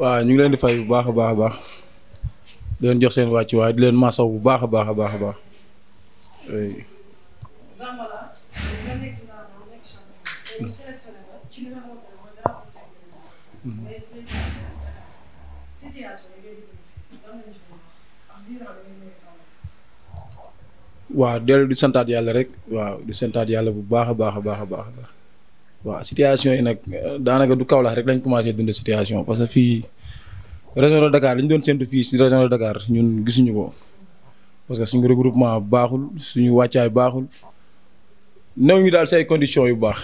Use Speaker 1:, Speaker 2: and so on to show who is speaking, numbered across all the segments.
Speaker 1: waaw ñu ngi leen di fay bu baax a baax a baax di leen jox seen wàccuwaay di leen masaw bu baax a baax a baax a baax. Mhm. waaw dellu di santaat yàlla rek waaw di santaat yàlla bu baax a baax a baax a baax. waaw situation yi nag euh, daanaka du Kaolack rek lañ commencé dund situation parce que fii région de Dakar li ñu doon séntu fii si région de Dakar ñun gisuñu ko parce que suñu regroupement baaxul suñu wàccaay baaxul néew ñu daal say conditions yu baax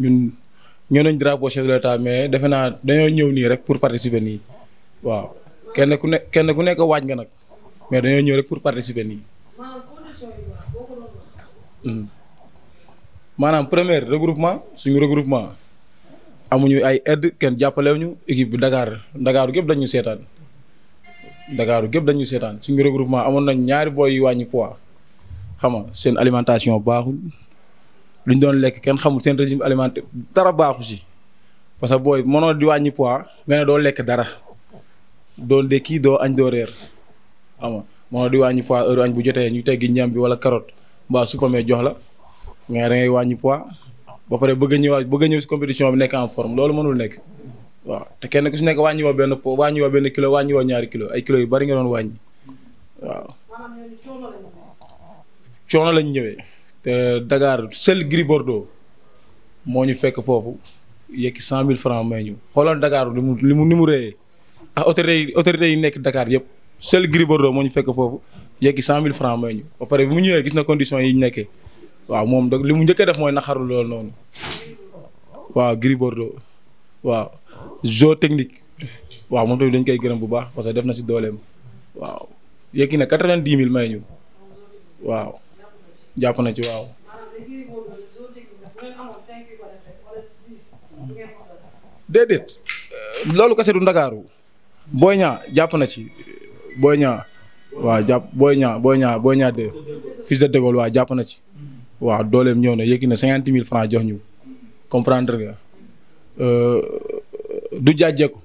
Speaker 1: ñun ñoo nañ drapeau chef de l'État mais defe naa dañoo ñëw nii rek pour participer nii waaw kenn ku ne kenn ku nekk waaj nga nag mais dañoo ñëw rek pour participer nii. maanaam première regroupement suñu regroupement amuñu ay aide kenn jàppalewuñu équipe bi Dakar Dakar gépp dañu seetaan Dakar gépp dañu seetaan suñu regroupement amoon nañ ñaari booy yu wàññi poids xam nga seen alimentation baaxul lu ñu doon lekk kenn xamul seen régime alimentaire dara baaxu si parce que booy mënoo di wàññi poids nga ne doo lekk dara doo ndékki doo añ doo reer xam nga mënoo di wàññi pois heure añ bu jotee ñu teggi ñam bi wala carotte mbaa supame jox la. mais da ngay wàññi poids ba pare bëgg a ñëwaat bëgg a ñëw compétition bi nekk en forme loolu mënul nekk waaw te kenn ki si nekk wàññi woo benn po wàññi woo benn kilo wàññi woo ñaari kilo ay kilos yu bari nga doon wàññi waaw. coono lañ ñëwee te Dakar seul Gris Bordeaux moo ñu fekk foofu yekki cent mille francs may ñu xoolal Dakar li mu li mu ni mu réyee ak ah, autorités yi autorités yi nekk Dakar yëpp seul moo ñu fekk foofu yekki cent mille francs may ñu ba pare bu mu ñëwee gis na condition yi ñu nekkee. waaw moom da li mu njëkk a def mooy naxaru loolu noonu waaw Gris Bordeaux waaw jo technique waaw moom tamit dañ koy gërëm bu baax parce que def na si dooleem waaw Yékini ne quatre-vingt-dix mille may ñu waaw jàpp na ci waaw. déedéet euh, loolu ndakaaru booy ñaa na ci booy ñaa waaw jàpp booy ñaa booy ñaa booy ñaa de fils de Dégol waaw jàpp na ci waaw dooleem ñëw na yëkki na cinquante mille franc jox ñu comprendre nga euh, du jàjjeeku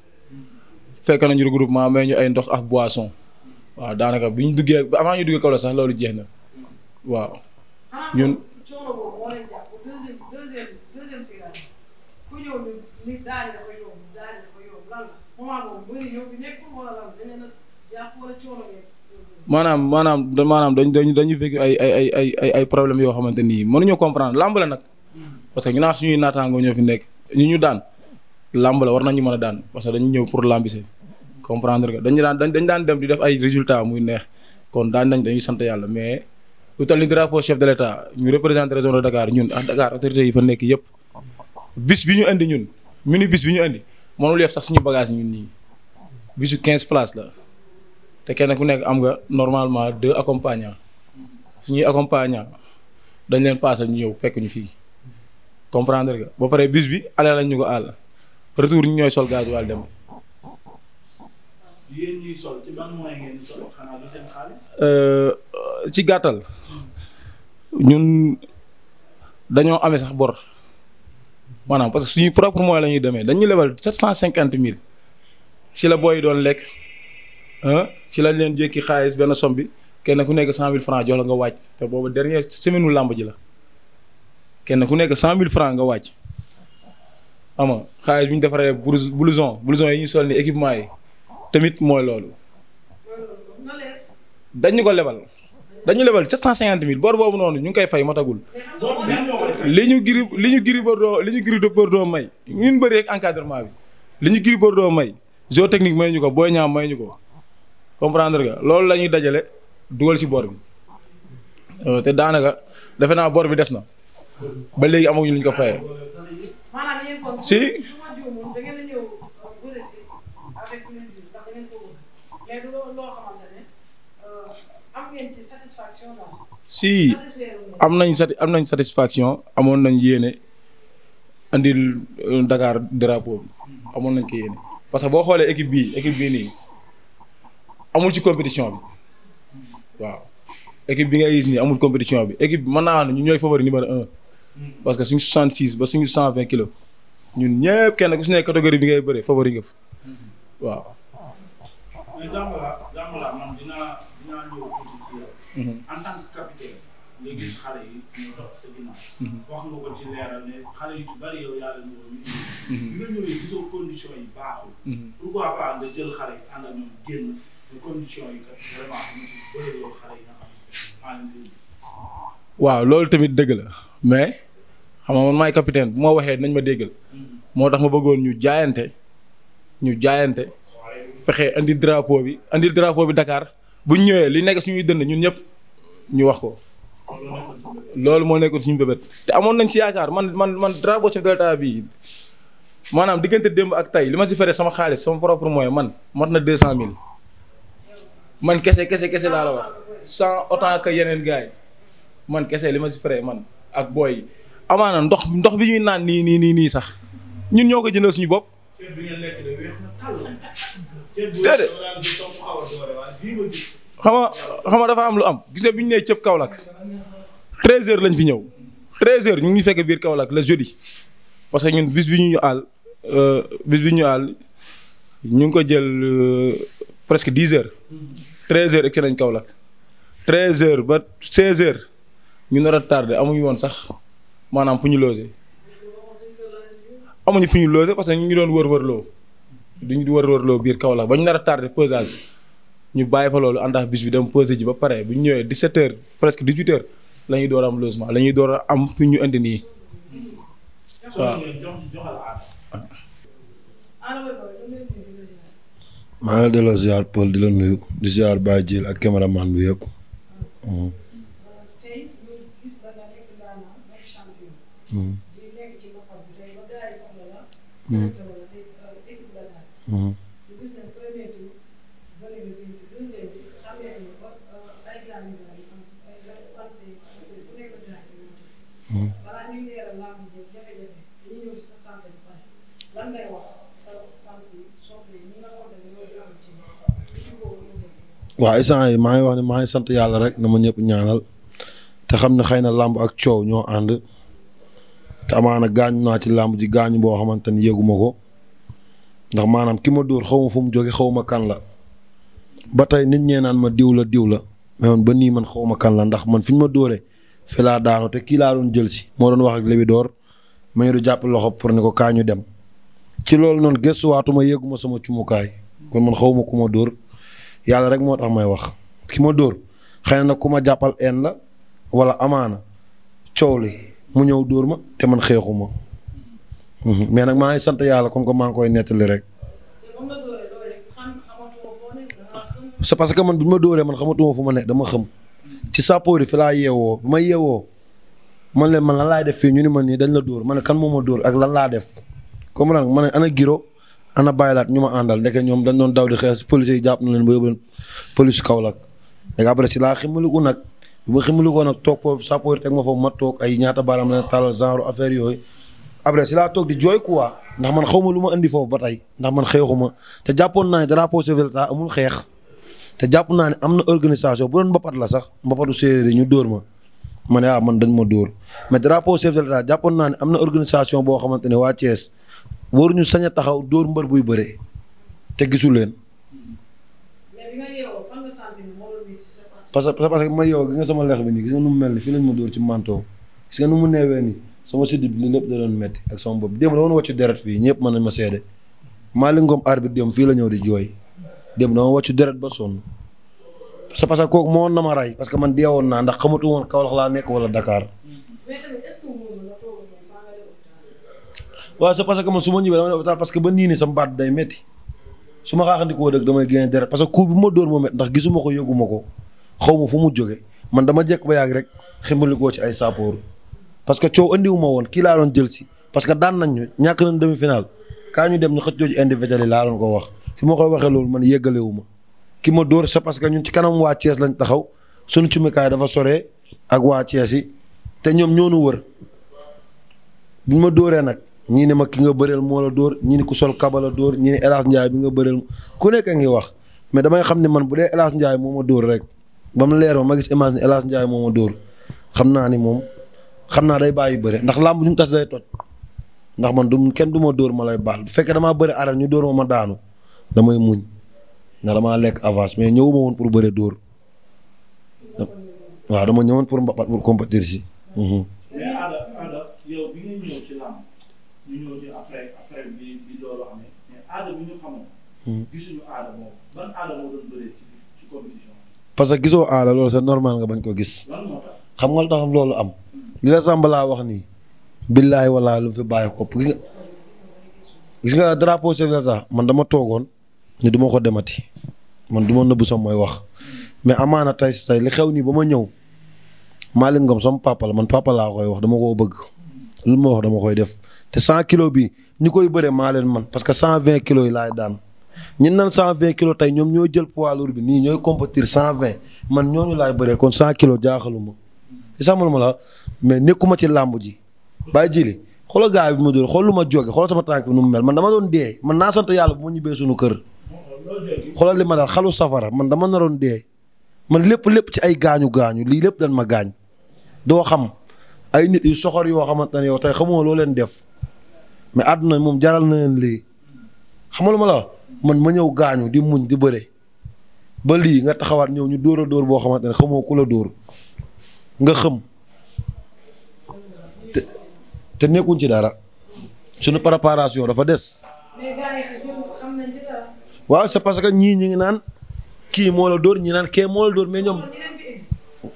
Speaker 1: fekk nañu groupement may ñu ay ndox ak boisson waaw daanaka bu ñu duggee avant ñu duggee kaw la sax loolu jeex na waaw maanaam maanaam maanaam dañ dañ dañu vécu ay ay ay ay ay yoo xamante nii mënuñoo comprendre làmb la nag parce que ñu naan suñuy naataangoo ñoo fi nekk ñu ñu daan làmb la war nañu mën a daan parce que dañu ñëw pour làmbise comprendre que dañu daan dañ daan dem di def ay résultat muy neex kon daan nañ dañuy sant yàlla mais lu toll ni drapeau chef de l'état ñu représente région de Dakar ñun ak Dakar autorités yi fa nekk yëpp bis bi ñu indi ñun mini bis bi ñu indi mënul yëf sax suñu bagage ñun nii bisu 15 places la. te kenn ku nekk am nga normalement deux accompagnants suñuy accompagnants dañ leen paasal ñu ñëw fekk ñu fii comprendre nga ba pare bis bi ale lañ ñu ko àll retour ñu ñooy sol gasoil dem. yéen ñuy euh, ci gàttal ñun dañoo amee sax bor maanaam parce que suñuy propre moyen la ñuy demee dañu lebal sept cent cinquante mille si la booy doon lekk. ci lañ leen jékki xaalis benn somme bi kenn ku nekk cent mille franc jox la nga wàcc te boobu dernière semaine u làmb ji la kenn ku nekk cent mille franc nga wàcc xam nga xaalis bi ñu defaree blouson blouson yi ñu sol ni équipement yi tamit mooy loolu dañu ko lebal dañu lebal sept cent cinquante mille bor boobu noonu ñu ngi koy fay matagul li ñu giri li ñu giri Bordeaux li ñu giri Bordeaux may ñun bëri ak encadrement bi li ñu giri Bordeaux may géotechnique may ñu ko Boy Niang may ñu ko comprendre nga loolu lañuy dajale dugal si bor bi euh, te daanaka defe naa boor bi des na ba léegi amaguñu lu ñu ko fayee. si. am nañ sati am nañ satisfaction amoon nañ yéene indi euh, Dakar drapeau bi amoon nañ ko yéene parce que boo xoolee équipe bii équipe bii nii. amul ci compétition bi waaw équipe bi ngay gis nii amul compétition bi équipe bi mën naa ne ñu ñooy favori numéro un parce que suñu 66 ba suñu 120 kilos ñun ñëpp kenn ku si nekk catégorie bi ngay bëree favori nga fa waaw.
Speaker 2: mais Zambala Zambala man dinaa dinaa ñëw tuuti ci yow. Mhm. en tant que capitaine. nga gis xale yi ñu topp sa ginnaaw. Mhm. wax nga ko ci leeral ne xale yu ci bari yow yaa leen woo ñu. Mhm. bi nga ñëwee gisoo condition yi baaxul. pourquoi pas nga jël xale yi ànd ak ñoom génn.
Speaker 1: waaw loolu tamit dëgg la mais xam nga man maay capitaine bu ma waxee nañ ma déggal moo tax ma bëggoon ñu jaayante ñu jaayante fexe indi drapeau bi indi drapeau bi dakaar bu ñu ñëwee li nekk suñuy dënd ñun ñëpp ñu wax ko. loolu moo nekkoon suñu bébét te amoon nañ si yaakaar man man man drapeau chef de l'État bi maanaam diggante démb ak tey li ma si feree sama xaalis sama propre moyen man mat na deux cent mille. man kese kese kese laa la wax sans autant que yeneen gars yi man kese li ma si frais man ak booy yi amaana ndox ndox bi ñuy naan nii nii nii nii sax ñun ñoo ko jëndal suñu bopp. déedéet xam nga xam nga dafa am lu am gis bi ñu nee cëpp Kaolack 13h lañ fi ñëw 13h ñu ngi fekk biir Kaolack le jeudi parce que ñun bis bi ñu ñu àll euh, bis bi ñu àll ñu ngi ko jël euh, presque 10h. treize heures egg si kaw Kaolack treize heures ba seize heures ñu nar a tardé amuñu woon sax maanaam fu ñu loger amuñu fu ñu loger parce que ñu ngi doon wër-wër loo duñu wër wër loo biir Kaolack ba ñu nar a tardé pesage ñu bàyyi fa loolu àndax bis bi dem pesé ji ba pare bu ñu ñëwee 17 heures presque 18 heures la ñuy door am logement la ñuy door a am fu ñu indi nii
Speaker 2: waaw.
Speaker 3: maa ngi delloo ziar Paul di la nuyu di ziar Baye Mm. waaw instant yi maa ngi wax ne maa ngi sant yàlla rek na ma ñëpp ñaanal te xam ne xëy na làmb ak coow ñoo ànd te amaana gaañu naa ci làmb ji gaañu boo xamante ni yëguma ko ndax maanaam ki ma dóor xaw ma fu mu jóge xaw ma kan la ba tey nit ñee naan ma diw la diw la mais ba nii man xaw ma kan la ndax man fi ma dóoree fi laa daanoo te kii laa doon jël si moo doon wax ak Libidor ma ñu du jàpp loxo pour ne ko kaa ñu dem ci loolu noonu gëstuwaatuma yëguma sama cumukaay kon man xaw ma ku ma dóor yàlla rek moo tax may wax ki ma dóor xëy na nag ku ma jàppal en la wala amaana coow li mu ñëw dóor ma te man xeexu ma mhm. mais nag maa ngi sant yàlla comme que maa ngi koy nettali rek. c'est parce que man bi ma dóoree man xamatuma fu ma ne dama xam ci sappoori fi laa yeewoo bi ma yeewoo man leen man lan laay def fii ñu ni man nii dañ la dóor man ne kan moom ma dóor ak lan laa def comme ma ne ana giro ana laat ñu ma àndal ndeke ñoom dañ doon daw di xeex police yi jàpp na leen ba yóbbu leen police Kaolack léegi après si laa ximaliku nag bi ma ximalikoo nag toog foofu sappoor teg ma foofu ma toog ay ñaata baaraam la talal genre affaire yooyu après si laa toog di jooy quoi ndax man xaw ma lu ma indi foofu ba tey ndax man xeexuma te jàppoon naa ne drapeau chef amul xeex te jàpp naa ne am na organisation bu doon mbapat la sax mbapatu séeréer ñu dóor ma man yaa ah, man dañ ma dóor mais drapeau chef de jàppoon naa ne am na organisation boo xamante ne waa Thiès waruñu sañ a taxaw dóor mbër buy bëree te gisul leen. parce que parce que ma yow gi nga sama lex bi nii gis nga nu mu mel ni fii lañ ma dóor ci manto gis nga nu mu neewee nii sama siddi bi lépp da doon metti ak sama bopp démb dama wàccu deret fii ñëpp mën nañ ma seede Malick Ngom arbitre démb fii la ñëw di jooy démb dama wàccu deret ba sonn parce que kooku moo woon na ma rey parce que man deewoon naa ndax xamatu woon Kaolack laa nekk wala dakaar waaw c'est parce que man su ma ñëwee dama ne hôpital parce que ba nii nii sama baat day metti su ma xaaxandikoo dëgg damay génne deret parce que coup bi ma dóor moo métti ndax gisuma ko yëguma ko xaw ma fu mu jóge man dama jekk ba yàgg rek ximbalikoo ci ay saapoor parce que coow andiwu ma woon kii laa doon jël si parce que daan nañ ñu ñàkk nañ demi final kaa ñu dem ñu xëccoo ji individuel yi laa doon ko wax si ma koy waxee loolu man yëggalewu ma ki ma dóor c'est parce que ñun ci kanam waa Thiès lañ taxaw suñu cumikaay dafa soree ak waa Thiès yi te ñoom ñoo nu wër ma dóoree nag ñii ne ma ki nga bëreel moo la dóor ñii ne ku sol kaba dóor ñii ne El Hadj Ndiaye bi nga bëreel ku nekk a ngi wax mais damay xam ne man bu dee El Hadj Ndiaye moo ma dóor rek ba mu leer ma ma gis image ne El dóor xam naa ni moom xam naa day bàyyi bëre ndax làmb ñu mu tas day toj ndax man du kenn du ma dóor ma lay baax bu fekkee damaa bëri aral ñu dóor ma ma daanu damay muñ ndax damaa lekk avance mais ñëwuma woon pour bëre dóor waa dama ñëwoon pour mba pour compétir si. Mhm. ñu parce que gisoo aada loolu c'est normal nga bañ ko gis. xam nga taxam loolu am. Hmm. li la Samba laa wax nii. billaay wala lu fi bàyyi ko gis nga gis nga drapeau man dama toogoon ne duma ko demati man du ma nëbbu sam mooy wax mais amaana tey si tey li xew nii ba ma ñëw Malick Ngom sama papa man papa koy wax dama koo bëgg. lu ma wax dama koy def te 100 kilos bi ñu koy bëre maa leen man parce que 120 kilos yi laay daan ñi nan 120 kilos tey ñoom ñoo jël poids lourd bi nii ñooy compétir 120 man ñooñu laay bëreel kon 100 kilos jaaxaluma ci sax ma la mais nekkuma ci làmb ji bàyyi jili xoolal gars bi mu dóor xool lu ma jóge xoolal sama tànk bi nu mu mel man dama doon dee man naa sant yàlla bu ma ñibbee sunu kër xoolal li ma daal xalu safara man dama naroon dee man lépp lépp ci ay gaañu gaañu lii lépp dañ ma gaañ doo xam ay nit yu soxor yoo xamante ne yow tey xamoo loo leen def mais àdduna moom jaral na leen lii xamal ma la man ma ñëw gaañu di muñ di bëre ba lii nga taxawaat ñëw ñu dóor a dóor boo xamante ne xamoo ku la dóor nga xëm te te nekkuñ ci dara suñu préparation dafa des. waaw c'est parce que ñii ñu ngi naan kii moo la dóor ñi naan kee moo la dóor mais ñoom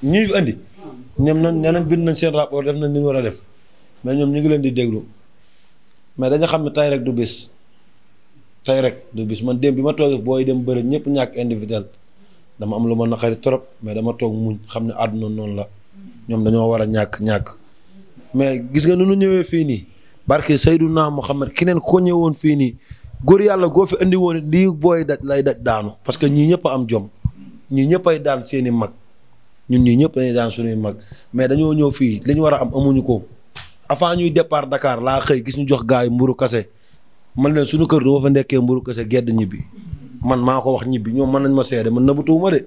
Speaker 3: ñi indi ñoom na nee nañ bind nañ seen rapport def nañ li ñu war a def mais ñoom ñu ngi leen di déglu mais dañu xam ne tey rek du bis tey rek du bis man démb bi ma toog booy dem bëri ñëpp ñàkk individuel dama am lu ma naqari trop mais dama toog muñ xam ne àdduna noonu la ñoom dañoo war a ñàkk ñàkk mais gis nga nu lu ñëwee fii nii barke Seydouna Muhammad keneen ko ñëwoon fii nii góor yàlla goo fi indi woon lii booy daj lay daj daanu parce que ñii ñëpp am jom ñii ñëpp ay daan seeni mag. ñun ñii ñëpp dañuy daan suñuy mag mais dañoo ñëw fii li war a am amuñu ko avant ñuy départ dakaar laa xëy gis ñu jox gaay mburu kase man leen suñu kër doo fa ndekkee mburu kase gedd ñibbi man maa ko wax ñibbi ñoom mën nañ ma seede man nëbatuwuma de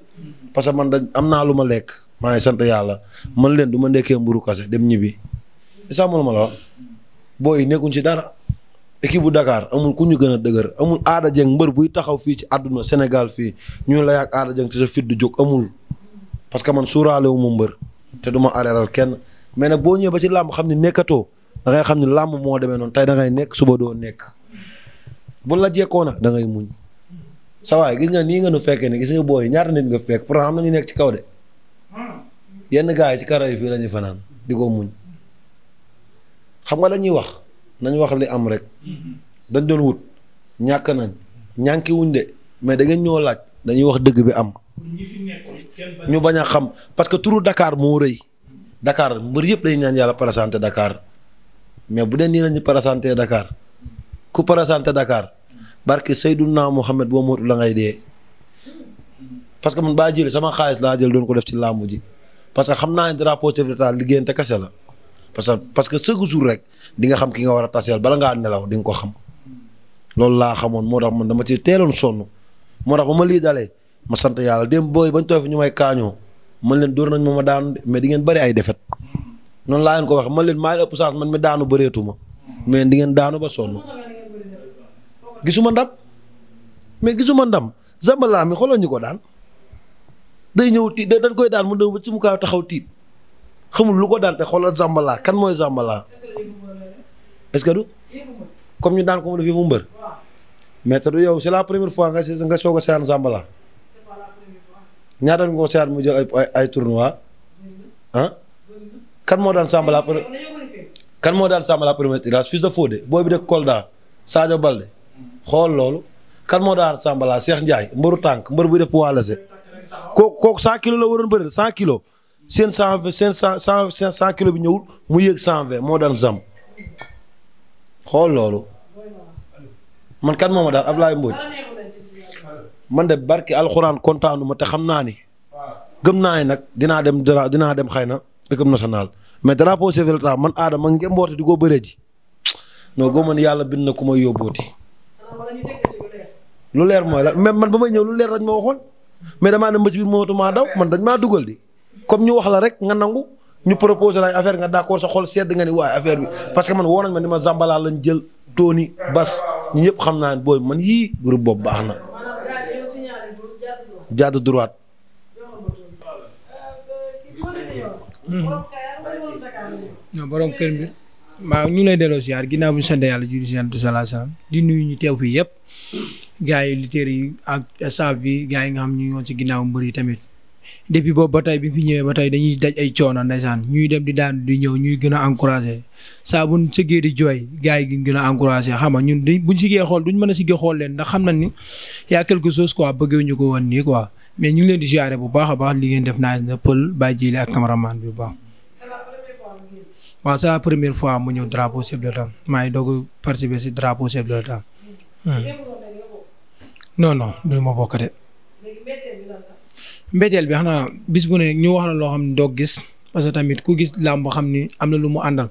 Speaker 3: parce que man da am naa lu ma lekk maa ngi sant yàlla man leen du ma ndekkee mburu kase dem ñibbi isa ma la wax booy nekkuñ ci dara équipe bu Dakar amul ku ñu gën a dëgër amul aada Dieng mbër buy taxaw fii ci àdduna Sénégal fii ñu la yàgg Ada Dieng ci sa du jóg amul parce que man suuraale wu ma mbër te du ma areeral kenn mais nag boo ñëwee ba ci làmb xam ne nekkatoo da ngay xam ne làmb moo demee noonu tey da nekk suba doo nekk bu la jekkoo nag da ngay muñ sa gis nga nii nga nu fekkee ne gis nga booy ñaata nit na ñu nekk ci kaw de yenn gars yi ci karaw yi fii la ñuy fanaan di ko muñ xam nga lañuy wax nañ wax li am rek dañ ñàkk nañ ñànki wuñ de mais da ngeen ñoo laaj dañuy wax dëgg bi am. ñu bañ a xam parce que turu Dakar moo rëy Dakar mbër yëpp dañu ñaan yàlla présenté Dakar mais bu dee nii la ñu présenté Dakar ku présenté Dakar barke Seydouna Mohamed boo moytu la ngay dee parce que man baa jëlee sama xaalis laa jël doon ko def ci làmb ji parce que xam naa ne drapeau chef de l'État liggéeyante kese la parce que parce que chaque jour rek di nga xam ki nga war a taseel bala ngaa nelaw di nga ko xam loolu laa xamoon moo tax man dama ci teeloon sonn moo tax ma sant yàlla démb booy bañ tooy fi ñu may kaañoo man leen dóor nañ ma ma daan mais di ngeen bëri ay defet noonu laa leen ko waxee man leen maa ngi ëpp chance man mi daanu bëreetuma mais di ngeen daanu ba sonn gisuma ndam mais gisuma ndam sambalaa mi xoolal ñu ko daan day ñëw tiit dañ koy daan mu ñëw ba ci mu kaw taxaw tiit xamul lu ko daan te xoolal sambalaa kan mooy sambalaa est que du comme ñu daan ko mu def yëfu mbër mais te du yow c'est la première fois nga soog a seetaan ñaata nga ko seeyaat mu jël ay ay ay tournois kan moo daan sàmbala après kan moo daan sàmbala premier de Fodé booy bi de Kolda Sadio Balde xool loolu kan moo daan sàmbala Cheikh Ndiaye mbëru tànk mbër buy def poids la se kooku kooku la waroon bëri 100 kilos seen 120 seen 100 100 100 kilos bi ñëwul mu yéeg 120 moo daan zam xool loolu man kan moo ma daan Ablaye Mbodj. man de barki alxuraan kontaanu ma te xam naa ni. gëm naa ne nag dinaa dem dara dinaa dem xëy na équipe nationale mais drapeau chef de l'État man aada man ngeen mboote di ko bëree ji non gëm man yàlla bind na ku may yóbbooti. lu leer mooy la mais man ba may ñëw lu leer lañ ma waxoon mais damaa ne mbëcc bi mootu maa daw man dañ maa dugal di comme ñu wax la rek nga nangu ñu proposé laay affaire nga d'accord sa xol sedd nga ni waaye affaire bi parce que man woo nañ ma ni ma Zambala lañ jël Tony Bas ñëpp xam naa ne booy man yii groupe boobu baax na. jaadu droite.
Speaker 4: boroo kër bi. maa ñu lay delloo siyaar ginnaaw bu ñu sant yàlla julli sant salaa salaam di nuyu ñu teew fii yëpp. gars yi lutteurs yi ak staff bi gars yi nga xam ñu ngi woon si ginnaaw mbër yi tamit depuis boobu ba tey bi fi ñëwee ba tey dañuy daj ay coono ndeysaan ñuy dem di daan di ñëw ñuy gën a encouragé saa buñ sëggee di jooy gars yi gën a encouragé xam nga ñun buñ siggee xool ñu mën a siggee xool leen ndax xam nañ ni yaa quelque chose quoi bëggee ñu ko woon nii quoi mais ñu ngi leen di ziare bu baax a baax li def naa na pël bàyyi jili ak cameraman bi bu baax. waaw c'est la première fois mu ñëw drapeau chef de maa ngi doog a participer si drapeau chef de hmm. non non du ma bokk de. mbéjeel bi xanaa bis bu ne ñu wax la loo xam ne doo gis parce que tamit ku gis làmb xam ni am na lu mu àndal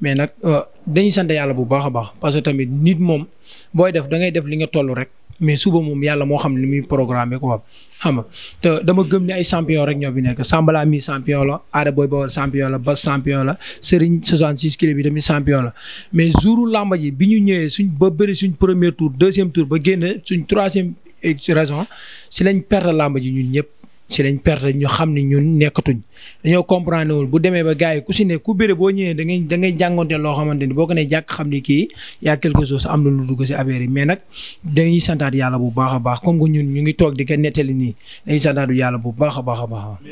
Speaker 4: mais nag euh, dañuy sant yàlla bu baax a baax parce que tamit nit moom booy def da ngay def li nga toll rek mais suba moom yàlla moo xam ni muy programmé quoi xam nga te dama gëm ni ay champion rek ñoo bi nekk Sambala mi champion la Ada Boy Bawol champion la ba champion la Serigne 66 kilo bi tamit champion la mais jouru làmb ji bi ñu ñëwee suñ ba bëri suñ premier tour deuxième tour ba génne suñ troisième raison si lañ perte làmb ji ñun ñëpp. ci lañ perte ñu xam ne ñun nekkatuñ dañoo comprendre wul bu demee ba gars yi ku si ne ku bëre boo ñëwee da ngay da boo ko nee jàkk xam ni kii yaa quelque chose am na lu dugg si affaire mais nag dañuy santaat yàlla bu baax a baax comme a baax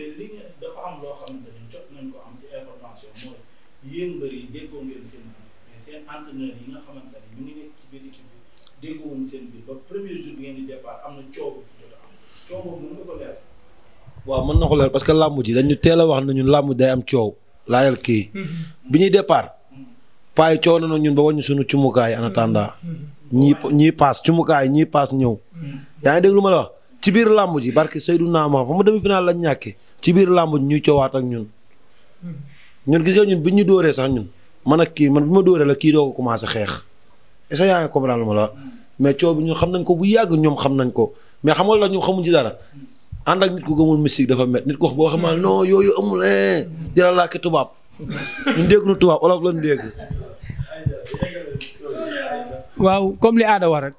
Speaker 3: waaw mën na ko parce que làmb ji dañu teel a wax ne ñun làmb day am coow laajal kii. Mm-hmm. bi ñuy départ. paa yi coow nañu ñun ba wàññi sunu cumukaay en attendant. Mm-hmm. ñii ñii paas cumukaay ñii paas ñëw. Mm-hmm. yaa ngi dégg lu ma la wax ci biir làmb ci biir làmb ñuy coowaat ak ñun. ñun gis nga ñun bi ñu dóoree sax ñun man ak kii man bi ma dóoree la kii doo ko commencé xeex. est-ce que yaa ngi comprendre lu ma la mais coow bi ñun xam nañ ko bu yàgg ñoom xam nañ ko mais xamal la ñu xamuñ ànd ak nit ku gëmul mystique dafa met nit ko boo xam ne hmm. non yooyu amul eh, dina làkki tubaab ñu nu tubaab olof lañ dégg. waaw comme
Speaker 4: li aada war rek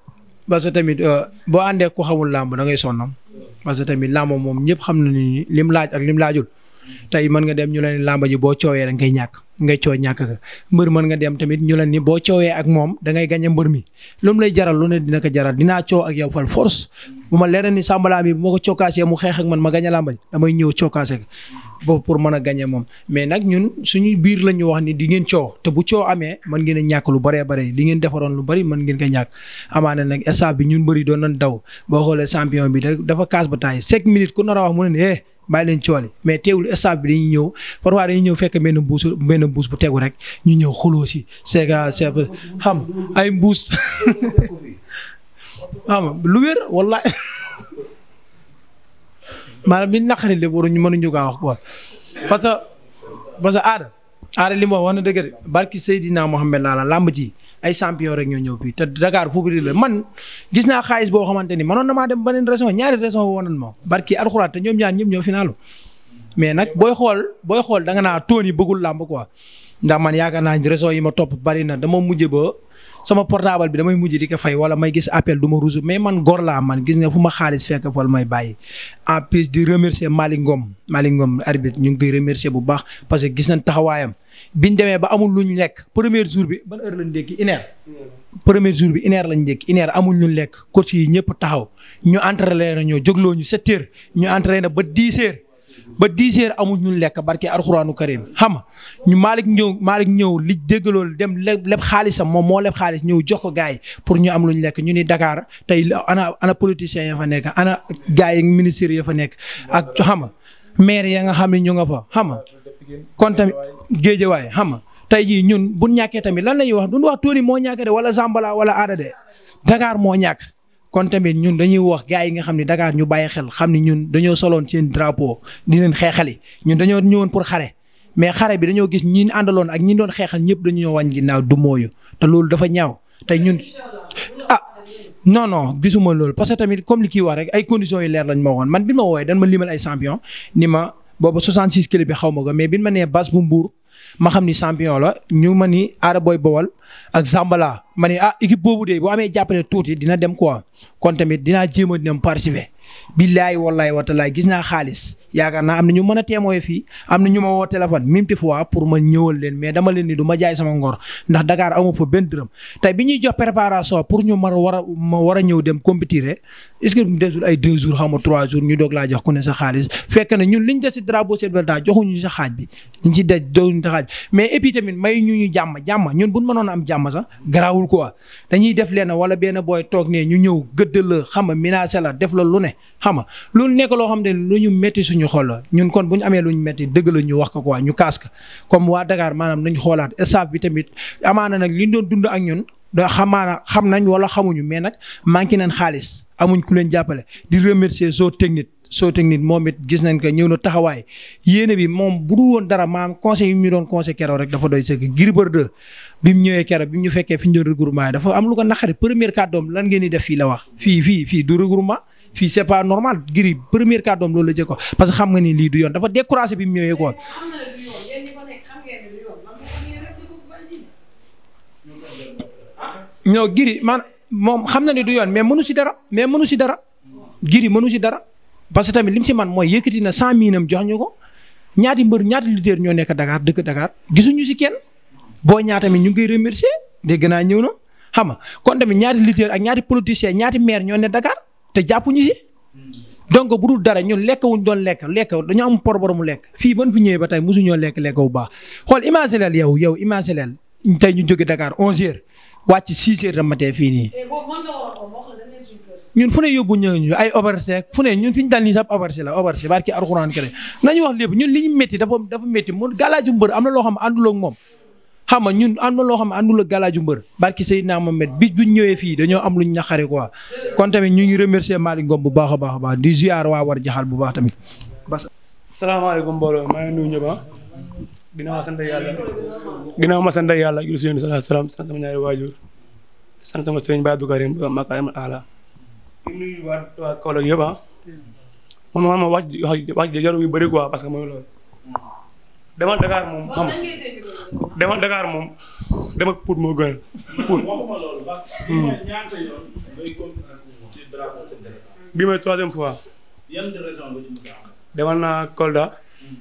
Speaker 4: parce que tamit euh, boo àndee ko xamul làmb da ngay sonnam parce que tamit làmb moom ñëpp xam na ni lim laaj ak lim laajul tey mën nga dem ñu leen làmb ji boo coowee rek ngay ñàkk. ngay coow ñàkk ka mbër mën nga dem tamit ñu la ni boo coowee ak moom da gañe mbër mi lu mu lay jaral lu ne dina ko jaral dinaa coow ak yow ma leeral ni sàmbalaa mi bu ma ko ak man ma gañe làmba damay ñëw cookaase boobu pour mën a gañe mais nag ñun suñu biir la ñu wax ni di ngeen coow te bu coow amee mën ngeen a ñàkk lu bëree bëri li ngeen defaroon lu bëri mën ngeen ko ñàkk amaana nag instant bi ñun mbëri doon nañ daw boo xoolee champion bi dafa kaas ba taay cinq minutes ku nar a wax mu ne eh, bàyyi leen cooli mais teewul instant bi dañuy ñëw parfois dañuy ñëw fekk benn mbuusu benn mbuus bu tegu rek ñu ñëw xuloo si seega seeb xam ay mbuus xam lu wér wallaay maanaam li naqari lépp waruñu mënuñu kaa wax quoi parce que parce que aada aada li mu wax wax na dëgg de barki Seydina Mohamed laa la làmb ji ay champion rek ñoo ñëw fii te Dakar fu bëri la man gis naa xaalis boo xamante ni manoon na maa dem beneen région ñaari région woon nañ ma barki alxuraan te ñoom ñaar ñëpp ñoo finaalu mais nag booy xool booy xool danga nga naa Tony bëggul làmb quoi ndax man yaakaar naa ni réseau yi ma topp bari na dama mujj ba sama portable bi damay mujj di ko fay wala may gis appel du ma rusu mais man gor laa man gis nga fu ma xaalis fekk wala may bàyyi. en plus di remercier Malick Ngom Malick ñu ngi koy remercier bu baax parce que gis nañ taxawaayam biñ demee ba amul lu ñu lekk premier jour bi ban heure lañ dékki une heure. premier jour bi une la lañ dékki une heure amul ñu yi ñëpp taxaw ñu entraîné na ñoo jógloo ñu sept ñu entraîné na ba dix heures. ba 10 heures amul ñu lekk barke arxuraanu karim xam nga ñu Malick ñëw Malick ñëw li déggalool dem leb xaalisam moom moo leb xaalis ñëw jox ko gars pour ñu am lu ñu lekk ñu ni Dakar tey ana ana politiciens ya fa nekk ana gars yi ministères ya fa nekk ak xam nga maire ya nga xam ne ñu nga fa xam nga kon tamit géejewaay xam nga tey jii ñun bu ñàkkee tamit lan la ñuy wax duñ wax Tony moo ñàkk de wala Zambala wala Aada de Dakar moo ñàkk. kon tamit ñun dañuy wax gars yi nga xam ne dakaar ñu bàyyi xel xam ne ñun dañoo soloon seen drapeau di leen xeexali ñun dañoo ñëwoon pour xare mais xare bi dañoo gis ñi àndaloon ak ñi doon xeexal ñëpp dañoo wàññi ginnaaw du mooyu te loolu dafa ñaw te ñun ah non non gisuma loolu parce tamit comme li kii wax rek ay conditions yu leer lañ ma waxoon man bi ma woowee dañ ma limal ay champion ni ma boobu 66 kilo bi xaw ma ko mais bi ma nee bas bu mbuur ma xam ni champion la ñu ma ni Ada Boy Bawol ak sambala ma ni ah équipe boobu de boo amee jàppale tuuti dina dem quoi kon tamit dinaa jéem a dina participer billaay wallaay watalaay gis naa xaalis yaakaar naa am na ñu mën a témoin fii am na ñu ma woo téléphone mimti fois pour ma ñëwal leen mais dama leen ni du ma jaay sama ngor ndax Dakar amu fa benn dërëm tey bi ñuy jox préparation pour ñu mar war a war a ñëw dem compétir est ay deux jours xaw ma trois jours ñu doog laa jox ku ne sa xaalis fekk na ñun liñ des si drapeau Set Welta joxuñu sa xaaj bi liñ si des joxuñu sa xaaj mais et puis tamit may ñu ñu jàmma jàmm ñun buñ mënoon am jàmm sax garaawul quoi dañuy def leen wala benn booy toog ne ñu ñëw gëdd la xam nga menacé la def la lu ne xam nga loolu nekk loo xam ne lu ñu métti suñu xol la ñun kon bu ñu amee lu ñu métti dëgg la ñu wax ko quoi ñu kaas ko comme waa Dakar maanaam nañu xoolaat staff bi tamit amaana nag li ñu dund ak ñun da xamaana xam nañ wala xamuñu mais nag manqué nañ xaalis amuñ ku leen jàppale di remercier soo technique soo technique moom it gis nañ ñëw na taxawaay yéene bi moom bu du woon dara maam conseil yi ñu doon conseil keroog rek dafa doy sëkk Gris bi ñëwee keroog bi mu ñu fekkee fi ñu doon regroupement dafa am lu ko naqari première kàddoom lan ngeen di def fii la wax fii fii fii du regroupement fii c'est pas normal Gris première carte doom loolu la jëkk ko parce que xam nga ni lii du yoon dafa découragé bi mu ñëwee man moom xam na ni du yoon mais mënu si dara mais mënu si dara. Gris mënu si dara parce que tamit li mu si man mooy yëkkati na cent mille am jox ñu ko ñaati mbër ñaati lutteurs ñoo nekk Dakar dëkk Dakar gisuñu si kenn boo ñaata tamit ñu ngi koy remercier dégg naa ñëw na xam nga kon tamit ñaati lutteurs ak ñaati politiciens ñaati maire ñoo ne Dakar. te jàppuñu si. donc bu dul dara ñun lekk wuñ doon lekk lekk dañoo am problème lekk fii ban fi ñëwee ba tey mosuñoo lekk lekk bu baax xool imagineel yow yow imagineel tey ñu jóge Dakar 11h wàcc 6h da fii nii. ñun fu ne yóbbu ñëw ay auberge fu ne ñun fi ñu dal nii sax auberge la auberge barki alxuraan kene nañu wax lépp ñun li ñu métti dafa dafa métti mu gàllaaju mbër am na loo xam ànduloo ak moom. xam nga ñun am na loo xam ne àndul galaaju mbër barki Seydina Mohamed bis bu ñëwee fii dañoo am luñ ñaxare quoi kon tamit ñu ngi remercier Malick Ngom bu baax a baax a baax di ziar waa war jaxal bu baax tamit.
Speaker 5: salaamaaleykum mbooloo maa ngi nuyu ñëpp ah. ginnaaw ma sant yàlla ginnaaw ma sant yàlla julli si yéen salaam salaam sant sama ñaari waajur sant sama sëriñ Baye Abdou Karim Makarim Ala nuyu waa waa Kaolack yëpp ah man ma wàcc wàcc jarul yu bëri quoi parce que mooy loolu demal Dakar moom xam demal Dakar moom demal pour moo gën
Speaker 2: pour. Hmm.
Speaker 5: bi mooy troisième fois. demal naa Kolda. Hmm.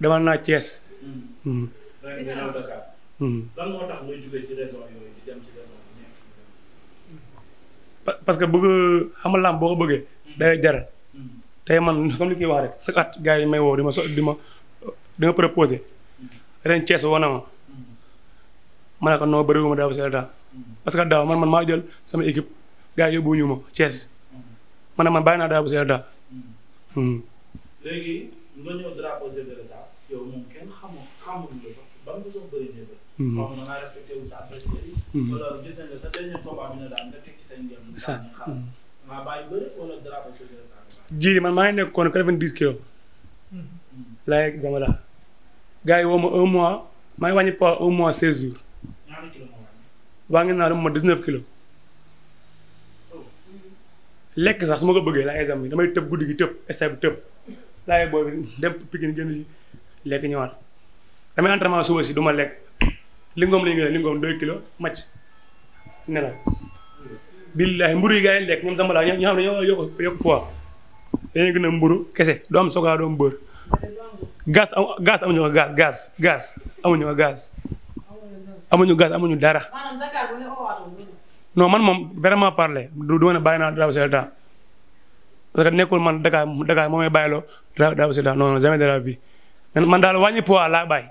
Speaker 5: demal naa Thiès. Hmm. parce que bëgg xamal laam boo ko bëggee. day jar. tey man comme li kii wax rek sa at gars yi may woo di ma so di da nga proposé ren Thiès woo na ma ma ne ko non bëriwuma daaw si parce que daaw man maa jël sama équipe gars yi yóbbuwuñu ma Thiès ma man bàyyi naa daaw hmm.
Speaker 2: hmm. naa respecté wu hmm. sa adversaire
Speaker 5: jiiri man maa ngi nekkoon quatre-vingt-dix kilos. laay examen la. gars yi woo ma un mois maa ngi wàññi poids un mois seize jours. waa ngi naa dem ma 19 kilos. lekk sax su ma ko bëggee laay examen damay tëb guddi gi tëb stade bi tëb laay booy dem Pikine génn ji lekk ñëwaat damay entraînement suba si du lekk li ngoom la ñu gën ne la. billaahi mburu yi gars yi lekk ñoom Sambala ñoo xam ñoo yokk yokk poids dañuy gën a mburu kese doo am soga doo bër. gaz am gaz amuñu ko gaz gaz gaz amuñu ko gaz. amuñu dara. non man moom vraiment parler du du ma ne bàyyi naa Dado Sélta nekkul man Dakar Dakar moom may bàyyiloo Dado Sélta non non jamais man daal wàññi poids laa bàyyi.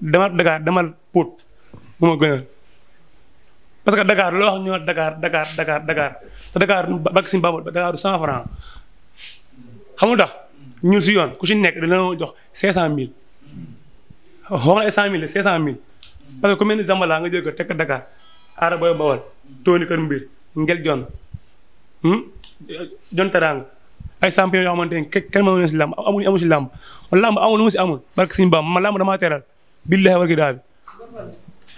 Speaker 5: demal Dakar demal Pout mu ma gënal parce que Dakar loo wax ñu Dakar Dakar Dakar Dakar te Dakar bakk si Babou Dakar du cent ñun si yoon ku si nekk di dinañoo jox 500000 xaw ma ne 100000 500000 parce que ku mel ni Zambala nga jël ko tekk Dakar aara booy bawal tooni kër mbir ngel jon hmm? jon teraanga ay champion yoo xamante ne kenn mënu leen si làmb amuñu amu si làmb làmb amul lu mu si amul barke suñu baam ma làmb damaa teral billahi wargi daa bi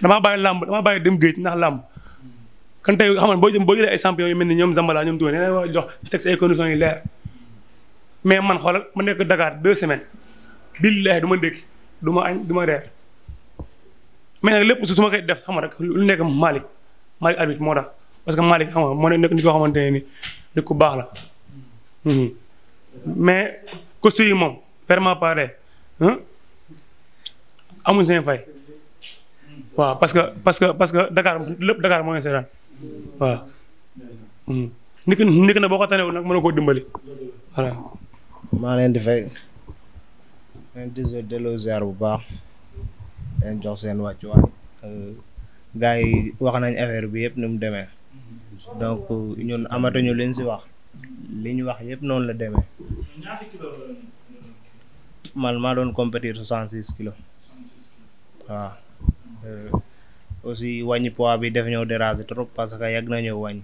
Speaker 5: damaa bàyyi làmb damaa bàyyi dem géej ndax lamb kan tey xam nga boo jëm boo jëlee ay champion yu mel ni ñoom Zambala ñoom Tooni nee na jox teg si ay conditions yu leer mais man xoolal ma nekk Dakar deux semaines billaahi du ma ndékki du ma añ du ma mais nag lépp su ma koy def xam rek lu nekk Malick mali arbitre moo tax parce que Malick xam nga moo nekk ni ko xamante ne baax la hmm. mais costu yi moom vraiment pare hmm? amuñ seen fay waaw parce que parce que parce que Dakar lépp Dakar moo ngi seetaan waaw. Hmm. nit boo ko tanewul nag mënoo koo dimbali
Speaker 6: maa leen di de leen di bu baax leen jox seen wàccuwaay euh, gars yi wax nañ affaire bi yëpp ni demee donc ñun amatuñu liñ si wax li ñu wax yëpp noonu la demee man maa doon compétir soixante six kilos waaw euh, aussi wàññi poids bi def ñëw déranger trop parce que yàgg nañoo wàññi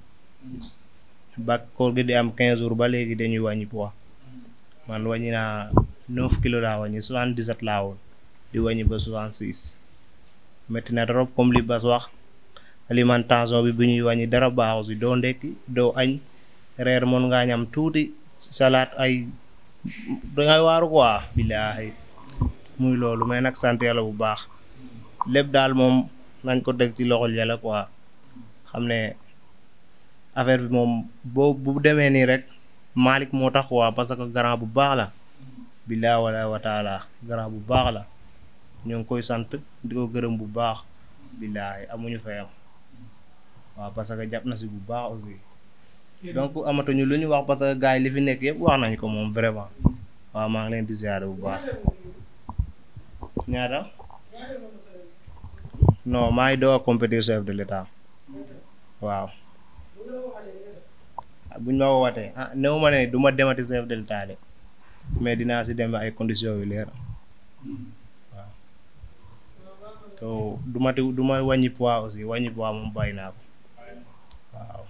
Speaker 6: ba koor gi di am quinze jours ba léegi dañuy wàññi poids. man wàññi naa neuf kilos laa wàññi soixante dix sept laa woon di wàññi ba soixante six métti na comme li Bas wax alimentation bi bu ñuy wàññi dara baaxu si doo ndekki doo añ reer mën ngaa ñam tuuti salade ay dangay waaru quoi billaahi muy loolu mais nag sant yàlla bu baax lépp daal moom nañ ko dégg ci loxol yàlla quoi xam ne affaire bi moom boo bu demee nii rek Malick moo tax waa parce que grand bu baax la billaa wala wa taala grand bu baax la ñoo ngi koy sant di ko gërëm bu baax billaay amuñu fayam waaw parce que jàpp na si bu baax aussi donc amatuñu lu ñu wax parce que gars yi li fi nekk yëpp wax nañ ko moom vraiment waaw maa ngi leen di ziare bu baax ñaata no maa ngi doog a compétir de l'état waaw bu ñu ma wootee ah néew ma ne du ma demati chef de de mais dinaa si dem ay conditions yu leer waaw te du ma du wàññi poids aussi wàññi poids moom bàyyi naa ko
Speaker 2: waaw.